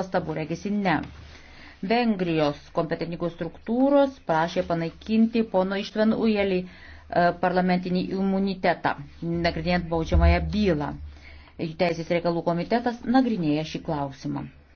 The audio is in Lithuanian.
pastabų regisi ne. Vengrijos kompetentingos struktūros prašė panaikinti pono Ištven Ujelį e, parlamentinį imunitetą, nagrinėjant baudžiamąją bylą. Teisės reikalų komitetas nagrinėja šį klausimą.